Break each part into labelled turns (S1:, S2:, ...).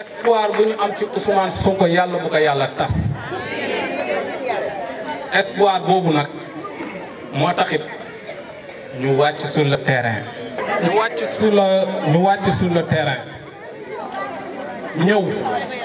S1: espoir bu ñu am ci Ousmane Sonko yàlla bu ko yàlla tas espoir boobu nag moo taxit ñu wàcc sur le terrain. ñu wàcc sur le ñu wàcc sur le terrain ñëw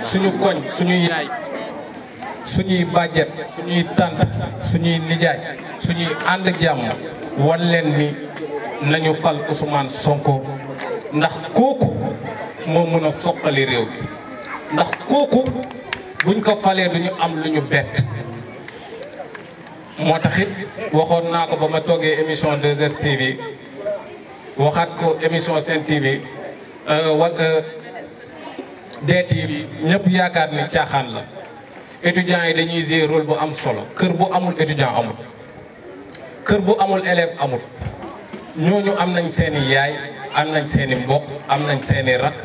S1: suñu koñ suñuy yaay suñuy bàjjet suñuy tànt suñuy nijaay suñuy ànd jàmm wan leen nañu fal Ousmane Sonko ndax kooku. moo mën a soqali réew bi ndax kooku buñ ko falee ñu am lu ñu bett moo taxit waxoon naa ko ba ma toogee émission 2STV waxaat ko émission Sen TV euh, wala euh, DTV ñëpp yaakaar ne caaxaan la étudiants yi dañuy jouer rôle bu am solo kër bu amul étudiant amul kër bu amul élève amul ñooñu am nañ seeni yaay am nañ seeni mbokk am nañ seeni rakk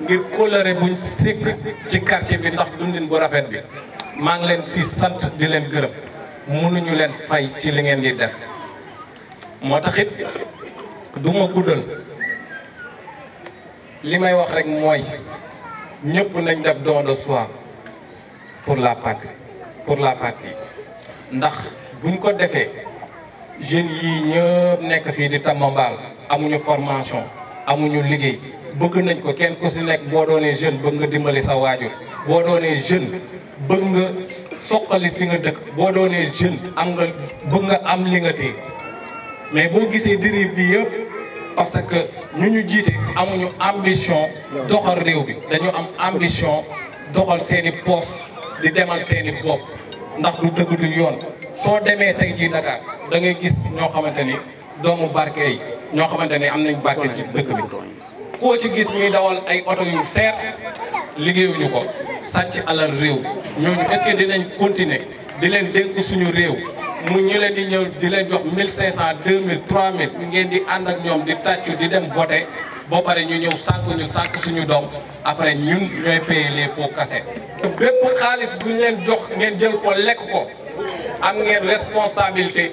S1: ngir kóllëre buñ sékk ci quartier bi ndax dundin bu rafet bi maa ngi leen si sant di leen gërëm mënuñu leen fay ci li ngeen di def moo tax it du guddal li may wax rek mooy ñëpp nañ def don de soi pour la patrie pour la patrie ndax buñ ko defee jeunes yi ñëpp nekk fii di Tamba Mbaal amuñu formation amuñu liggéey bëgg nañ ko kenn ku si nekk boo doonee jeune bëgg nga dimbali sa waajur boo doonee jeune bëgg nga soqali fi nga dëkk boo doonee jeune am nga bëgg nga am li nga téye mais boo gisee dérive bi yëpp parce que ñu ñu jiite amuñu ambition doxal réew bi dañu am ambition doxal seeni poos di demal seeni bopp ndax du dëgg du yoon soo demee tey jii Dakar da ngay gis ñoo xamante ni doomu barke yi ñoo xamante ne am nañ barke ci dëkk bi koo ci gis ñuy dawal ay oto yu seer liggéeyuñu ko sàcc alal réew ñooñu est-ce que dinañ continuer di leen dénk suñu réew mu ñu leen di ñëw di leen jox 1500 2000 3000 ngeen di ànd ak ñoom di tàccu di dem voté boo pare ñu ñëw sànq ñu sànq suñu doom après ñun ñooy payer les pots cassés. bépp xaalis bu ñu leen jox ngeen jël ko lekk ko am ngeen responsabilité.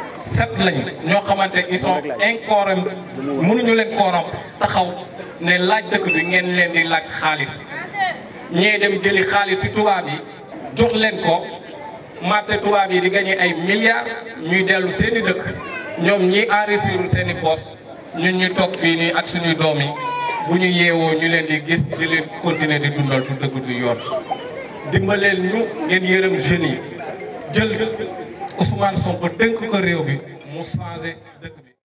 S1: set lañu ñoo xamante ils sont incorom mënuñu leen corrompre taxaw ne laaj dëkk bi ngeen leen di laaj xaalis ñee dem jëli xaalis ci tubaab yi jox leen ko marché tubaab yi di gagné ay milliards ñuy dellu seen i dëkk ñoom ñi enrichir seen i poos ñun ñu toog fii nii ak suñuy doom yi bu ñu yeewoo ñu leen di gis di leen continuer di dundal du dëgg du yoon dimbaleel ñu ngeen yërëm jeunes yi jël Ousmane Sonko dénk ko réew bi mu changé dëkk bi.